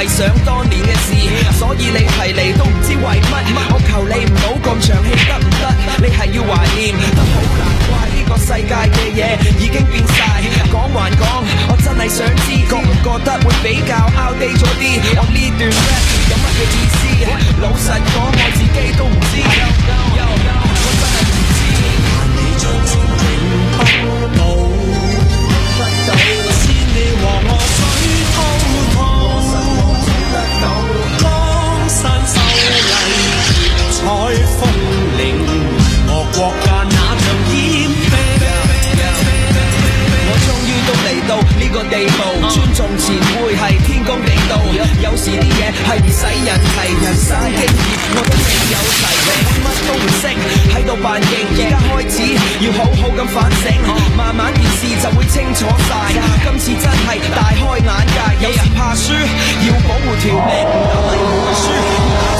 係想當年嘅事，所以你提嚟都唔知為乜。我求你唔好咁長氣得唔得？你係要懷念？得好難怪呢個世界嘅嘢已經變晒。講還講，我真係想知，覺唔覺得會比較 out date 咗啲？我呢段 rap 有乜嘅意思？老實講，我自己都唔知。我真係唔知。海風領我國家那長天，我終於都嚟到呢個地步，尊重前輩係天公地道、嗯，有時啲嘢係唔使人提，係人生經驗，我都未有實力，乜都唔識，喺度扮勁。而家開始要好好咁反省，慢慢件事就會清楚晒，今次真係大開眼界。有人怕輸，要保護條命。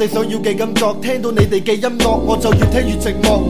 你想要嘅感覺，聽到你哋嘅音樂，我就越聽越寂寞。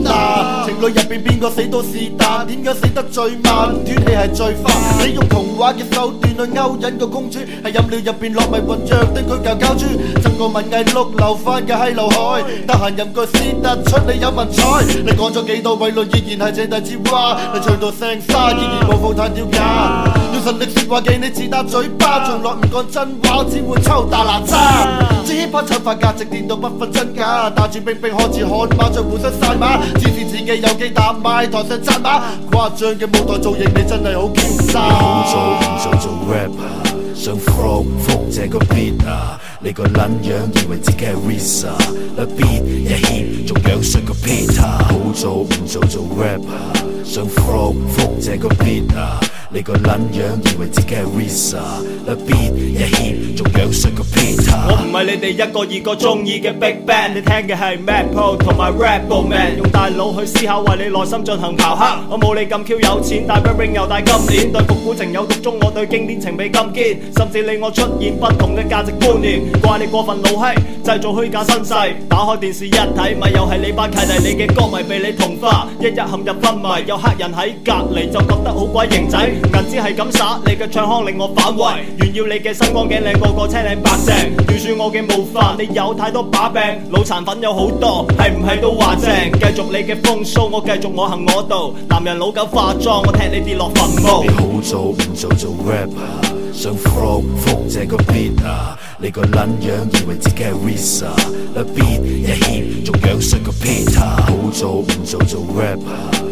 情侶入邊邊個死都是但，點樣死得最慢？斷氣係最煩。你用童話嘅手段去勾引個公主，係飲料入邊落迷魂藥，定佢教教豬。真個文藝六流化嘅閪流海，得閒吟個詩，突出你有文采。你講咗幾多偉論，依然係井底之蛙。你唱到聲沙，依然無負太雕假。要實力説話嘅你，自打嘴巴，從來唔講真話，只會抽大拿叉。攀出發價值，跌到不分真假。帶住兵兵開始看馬，再互相晒馬。自恃自己有機打麥台上戰馬。誇張嘅舞台造型，你真係好驚訝。我早唔想做 rapper，想服呢個 beat 你個撚樣，以為自己係 RZA l o b i a y a hit，仲樣衰過 Peter？好做唔做做 rapper 啊？想服服這個 Peter？你個撚樣，以為自己係 RZA l o b i a y a hit，仲樣衰過 Peter？我唔係你哋一個二個中意嘅 Big Bang，你聽嘅係 mad pro 同埋 rap bo man，用大腦去思考，為你內心進行咆哮。我冇你咁 Q 有錢，帶 bling 又帶金鏈，對復古情有獨鍾，我對經典情比金堅，甚至你我出現不同嘅價值觀念。唔怪你過分老氣，製造虛假身世。打開電視一睇，咪又係你班契弟，你嘅歌迷被你同化，一一陷入昏迷。有黑人喺隔離就覺得好鬼型仔。明知係咁耍，你嘅唱腔令我反胃。要你嘅身光頸靚，你個個車你白淨。要算我嘅毛髮，你有太多把柄，腦殘粉有好多，係唔係都話正？繼續你嘅風騷，我繼續我行我道。男人老狗化妝，我踢你跌落墳墓。你好早唔做做 rapper，想 froze freeze 個 a beat，啊、你個撚樣以為自己係 RZA 不 beat 一 heat 仲樣衰過 Peter。好早唔做做 rapper。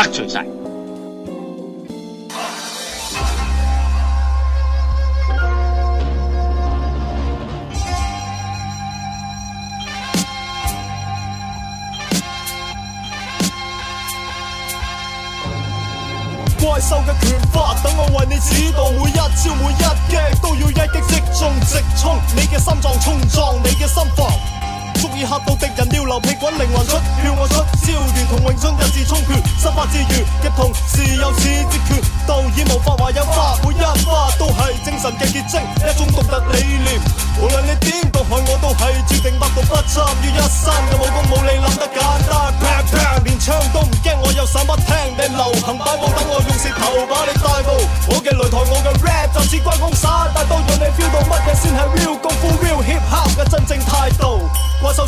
得罪晒！怪獸嘅拳法，等我為你指導，每一招每一擊都要一擊即中，直衝你嘅心臟，衝撞你嘅心房。嚇到敵人要流屁滾靈魂出竅，我出招如同詠春一字沖拳，失敗之餘，同時又似截拳道，演無法話有花，每一花都係精神嘅結晶，一種獨特理念。無論你點毒害，我都係註定百毒不侵，要一身嘅武功冇你諗得簡單。啪啪，連槍都唔驚，我有手筆，聽你流行擺布，等我用舌頭把你帶路。我嘅擂台，我嘅 rap，就似關公耍大刀，讓你 feel 到乜嘢先係 real 功夫，real hip hop 嘅真正態度。怪獸。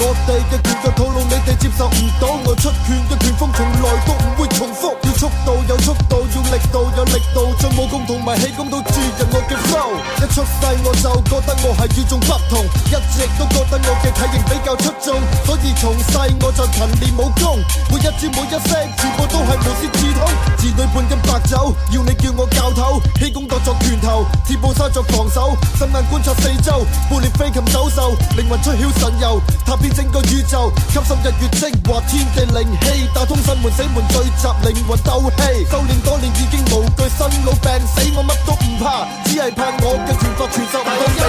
我哋嘅拳腳套路你哋接受唔到，我出拳嘅拳風從來都唔會重複。要速度有速度，要力度有力度，將武功同埋氣功都注入我嘅 flow。一出世我就覺得我係與眾不同，一直都覺得我嘅體型比較出眾，所以從細我就勤練武功，每一招每一式全部都係無師自通。自對半斤白酒，要你叫我教頭，氣功當作拳頭，鐵布衫作防守，細眼觀察四周，半裂飛禽走獸，靈魂出竅神遊。你整個宇宙，吸收日月精華、天地靈氣，打通生門死門，聚集靈魂鬥氣。修練多年已經無懼生老病死，我乜都唔怕，只係怕我嘅拳法傳授唔到俾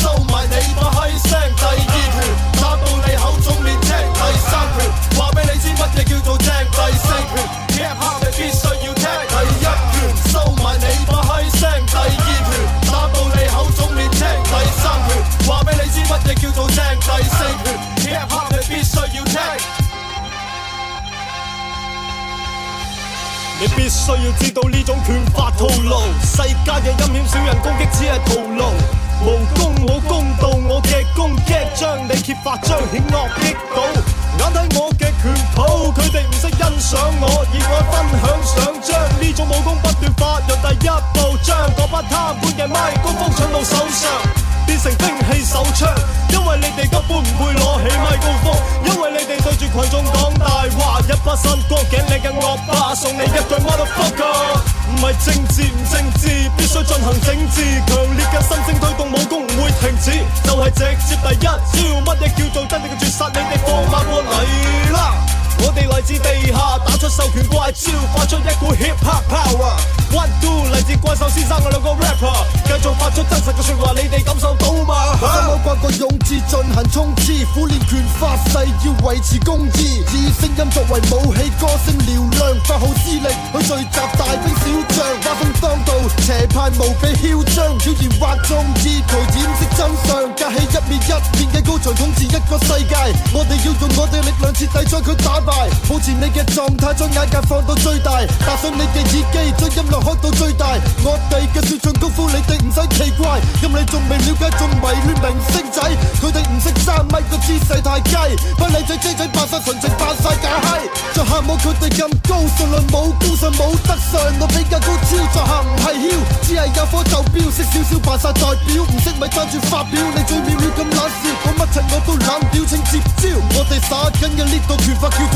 你。需要知道呢種拳法套路，世界嘅陰險小人攻擊只係徒勞無功，冇公道，我嘅攻擊將你揭發，將險惡擊倒。眼睇我嘅拳套，佢哋唔識欣賞我，而我分享想將呢種武功不斷發揚。第一步將嗰班貪官嘅咪高峯搶到手上。變成兵器手槍，因為你哋根本唔會攞起米高峰，因為你哋對住群眾講大話，一巴身光，頸你更惡霸，送你一句 motherfucker，唔係政治唔政治，必須進行整治，強烈嘅心聲推動，武功唔會停止，就係、是、直接第一招，乜嘢叫做真正殺你的絕殺，你哋放馬過嚟啦！我哋來自地下，打出授權怪招，發出一股 hip hop power。One two，來自怪獸先生，嘅兩個 rapper，繼續發出真實嘅說話，你哋感受到嗎？將我掛個勇字進行衝刺，苦練拳法誓要維持公義。以聲音作為武器，歌聲嘹亮，發號施令去聚集大兵小將，畫風當道，邪派無比囂張，妖言惑眾意圖掩飾真相，架起一面一面嘅高牆，統治一個世界。我哋要用我哋力量，徹底將佢打。保持你嘅狀態，將眼界放到最大，搭上你嘅耳機，將音樂開到最大。我哋嘅說唱功夫，你哋唔使奇怪。咁你仲未了解，仲迷戀明星仔，佢哋唔識三米個姿勢太雞，不禮仔姐仔扮晒純情，扮晒假嗨。再喊冇佢哋咁高，純粹冇高上冇得上我比較高超，作客唔係囂，只係有火就飆，識少少扮晒代表，唔識咪攢住發表，你嘴藐藐咁冷笑。我乜情我都懶表，請接招。我哋耍緊嘅呢個拳法。叫。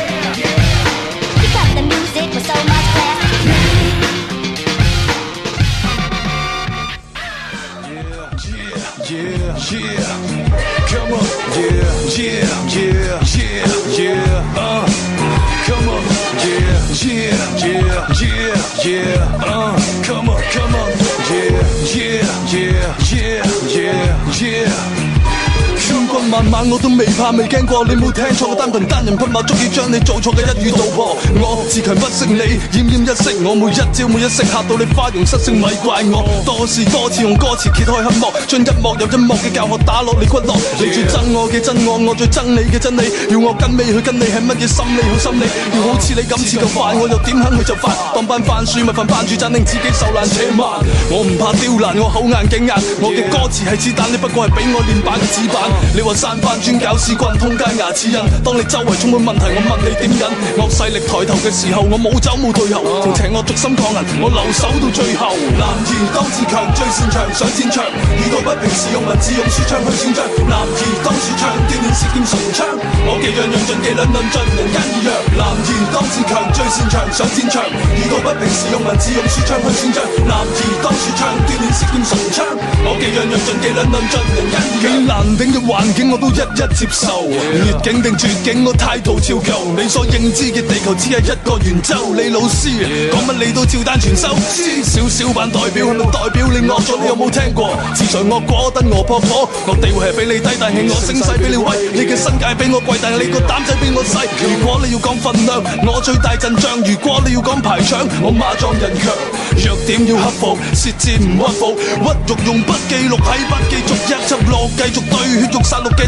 晚我都未怕未驚過，你冇聽錯，我單人匹馬，足以將你做錯嘅一語道破。我自強不息，你奄奄一息，我每一朝每一式嚇到你花容失色，咪怪我。多時多次用歌詞揭開黑幕，將一幕又一幕嘅教學打落你骨落。你最憎我嘅憎我，我最憎你嘅憎你。要我跟尾去跟你係乜嘢心理好心理？要好似你咁似就犯，我又點肯去就犯？當班番書咪份班主，賺令自己受難且慢。我唔怕刁難，我口硬頸硬。我嘅歌詞係子彈，你不過係俾我練嘅指板。你話翻轉搞事棍，通街牙齒印。當你周圍充滿問題，我問你點忍？惡勢力抬頭嘅時候，我冇走冇退後。同邪惡逐心抗人。我留守到最後。男兒當自強，最擅長上戰場。遇到不平事，用文字用説唱去戰場，男兒當自強，鍛鍊舌劍神槍。我技樣樣盡技癢癢盡人樣。男兒當自強，最擅長上戰場。遇到不平事，用文字用説唱去戰場，男兒當自強，鍛鍊舌劍神槍。我技癢癢盡技癢癢盡人跟。幾難頂嘅環境我都。一一接受，逆境定絕境，我態度超強。你所認知嘅地球只係一個圓周，你老師，講乜你都照單全收。知少少扮代表係咪代表你惡咗？你有冇聽過？自創惡果等我撲火，我地位係比你低，但係我聲勢比你威。你嘅身價比我貴，但係你個膽仔比我細。如果你要講分量，我最大陣仗；如果你要講排場，我馬壯人強。弱點要克服，設置唔安服，屈辱用筆記錄喺筆記逐一記錄，繼續對血肉殺戮嘅。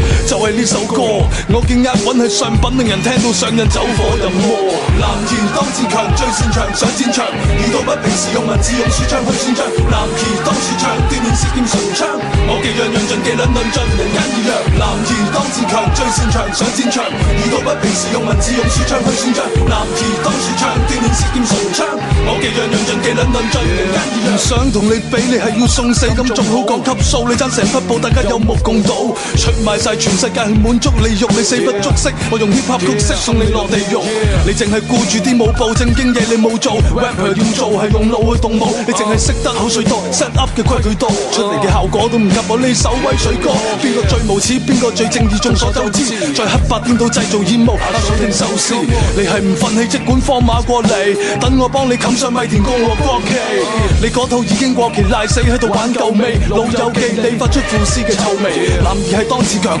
就係呢首歌，我嘅押韻係上品，令人聽到上癮，走火入魔。男兒當自強，最擅長上戰場。遇到不平時用文字用書槍去算賬。男兒當自強，鍛煉涉劍神槍。我嘅樣樣進，技癲癲進，人恩怨。男兒當自強，最擅長上戰場。遇到不平時用文字用書槍去算賬。男兒當自強，鍛煉涉劍神槍。我嘅樣樣進，技癲癲進，人恩怨。唔想同你比，你係要送死咁，仲好講級數，你爭成匹布，大家有目共睹，出埋曬。全世界去滿足你慾，你死不足惜。我用 hip hop 曲式送你落地獄。你淨係顧住啲舞步正經嘢，你冇做。rapper 要做係用腦去動武。你淨係識得口水多，set up 嘅規矩多，出嚟嘅效果都唔及我呢首威水歌。邊個最無恥？邊個最正義？眾所周知，在黑白顛倒製造煙霧，鎖定收視，你係唔憤氣，即管放馬過嚟，等我幫你冚上米田共我國旗。你嗰套已經過期，賴死喺度玩夠味，老友記你發出腐屍嘅臭味。男兒係當自強。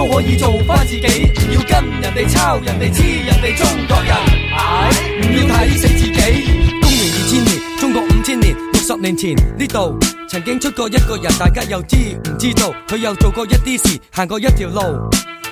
都可以做翻自己，唔要跟人哋抄人哋黐人哋中國人，唔、啊、要睇死自己。公元二千年，中國五千年，六十年前呢度曾經出過一個人，大家又知唔知道？佢又做過一啲事，行過一條路。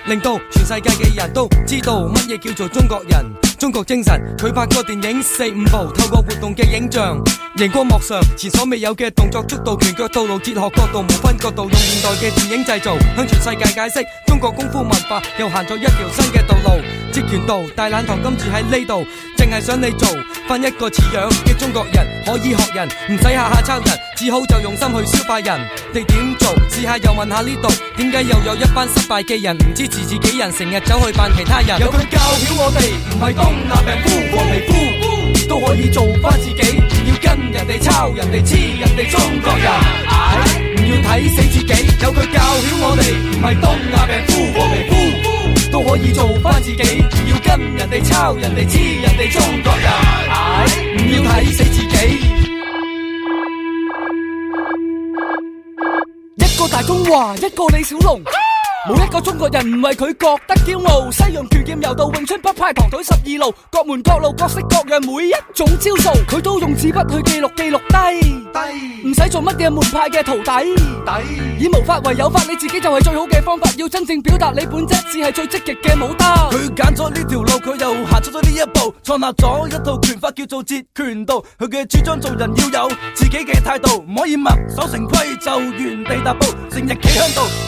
令到全世界嘅人都知道乜嘢叫做中國人，中國精神。佢拍過電影四五部，透過活動嘅影像，熒光幕上前所未有嘅動作速度，拳腳套路，哲學角度無分角度，用現代嘅電影製造向全世界解釋中國功夫文化，又行咗一條新嘅道路。截拳道大懶堂今次喺呢度，淨係想你做返一個似樣嘅中國人，可以學人，唔使下下抄人，只好就用心去消化人哋點做試下，又問下呢度，點解又有一班失敗嘅人唔知？係自己人，成日走去扮其他人都。有佢教曉我哋，唔係東亞病夫和皮，和未夫都可以做返自己。要跟人哋抄，人哋黐，人哋中國人。唉，唔要睇死自己。有佢教曉我哋，唔係東亞病夫和皮，和未夫都可以做返自己。要跟人哋抄，人哋黐，人哋中國人。唉，唔要睇死自己。一個大東華，一個李小龍。冇一個中國人唔為佢覺得驕傲，西洋拳劍柔道、詠春北派譚腿十二路，各門各路各式各樣每一種招數，佢都用紙筆去記錄記錄低低，唔使做乜嘢門派嘅徒弟底，以無法為有法，你自己就係最好嘅方法，要真正表達你本質，只係最積極嘅武道。佢揀咗呢條路，佢又行出咗呢一步，創立咗一套拳法叫做截拳道。佢嘅主張做人要有自己嘅態度，唔可以墨守成規就原地踏步，成日企響度。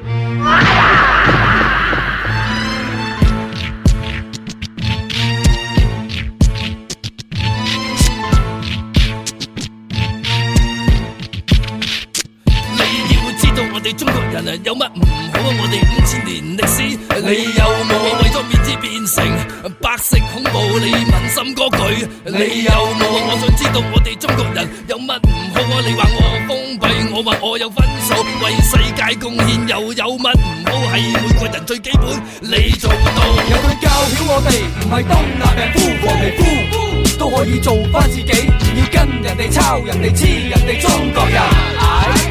有乜唔好啊？我哋五千年歷史，你有冇啊？為咗面子變成白色恐怖，你問心嗰句，你有冇啊？我想知道我哋中國人有乜唔好啊？你話我封閉，我話我有分數為世界貢獻，又有乜唔好？係每個人最基本，你做唔到？有佢教曉我哋，唔係東亞病夫，黃皮膚都可以做翻自己，要跟人哋抄，人哋黐，人哋中國人。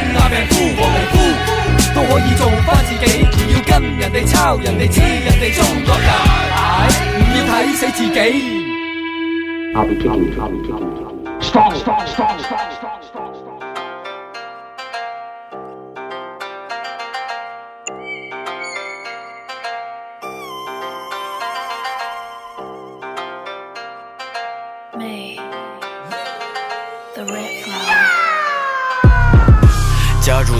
人哋知，人哋中國人。唔、哎、要睇死自己。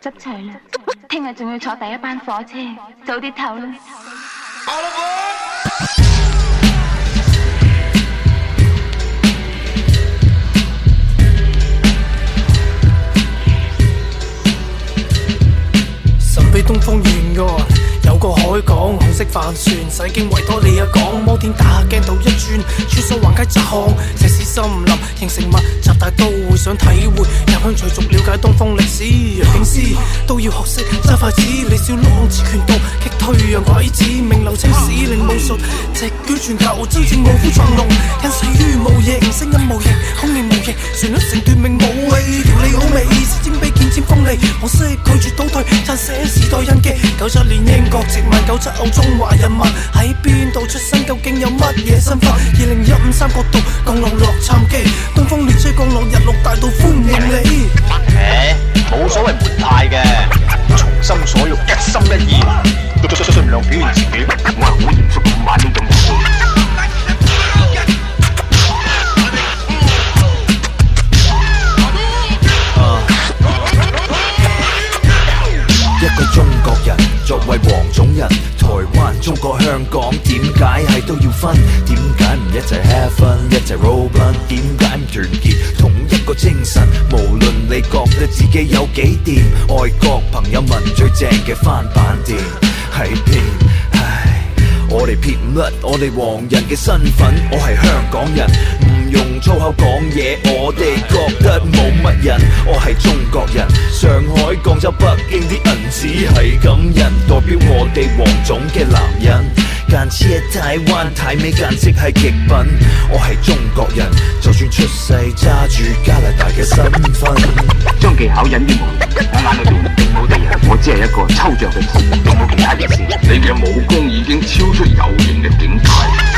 執齊啦，聽日仲要坐第一班火車，早啲唞啦。過海港，紅色帆船，駛經維多利亞港，摩天大廈，鏡頭一轉，穿梭橫街窄巷，巷，石屎森林形成密集大都會，想體會，入鄉隨俗了解東方歷史。影師都要學識揸筷子，李小龍截拳道。退讓鬼子。名流青史零武術，席捲全球真正臥虎藏龍。近世於無形，聲音無形，空面無形，旋律成斷命武器。氣調你好美，意思尖碑劍尖鋒利，可惜拒絕倒退，撰寫時代印記。九七年英國殖民九七後中華人民喺邊度出生？究竟有乜嘢身份？二零一五三個度降落洛杉磯，東方列車降落日落大道歡迎你。誒，冇所謂門派嘅。從心所欲，一心一意，盡量表現自己。我係好嚴肅咁玩呢個武功㗎。一個中國人。作為黃種人，台灣、中國、香港，點解係都要分？點解唔一齊 have fun，一齊 roll fun？點解唔團結？同一個精神，無論你覺得自己有幾掂，外國朋友問最正嘅翻版店係騙，唉，我哋撇唔甩我哋黃人嘅身份，我係香港人。粗口講嘢，我哋覺得冇乜人。我係中國人，上海、廣州、北京啲銀紙係咁人，代表我哋黃種嘅男人。間之睇彎睇尾，間即係極品。我係中國人，就算出世揸住加拿大嘅身份，將技巧隱於無形。眼裏邊並冇敵人，我只係一個抽象嘅詞，並冇其他意思。你嘅武功已經超出有形嘅境界。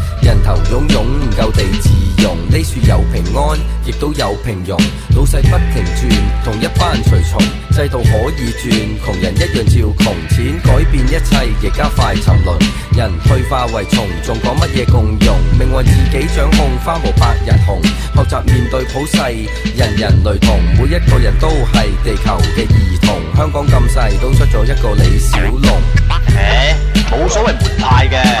人頭湧湧唔夠地自容，呢處有平安，亦都有平庸。老細不停轉，同一班隨從，制度可以轉，窮人一樣照窮，錢改變一切亦加快沉淪。人退化為蟲，仲講乜嘢共用？命運自己掌控，花無百日紅。學習面對普世，人人類同，每一個人都係地球嘅兒童。香港咁細，都出咗一個李小龍。誒、欸，冇所謂門派嘅。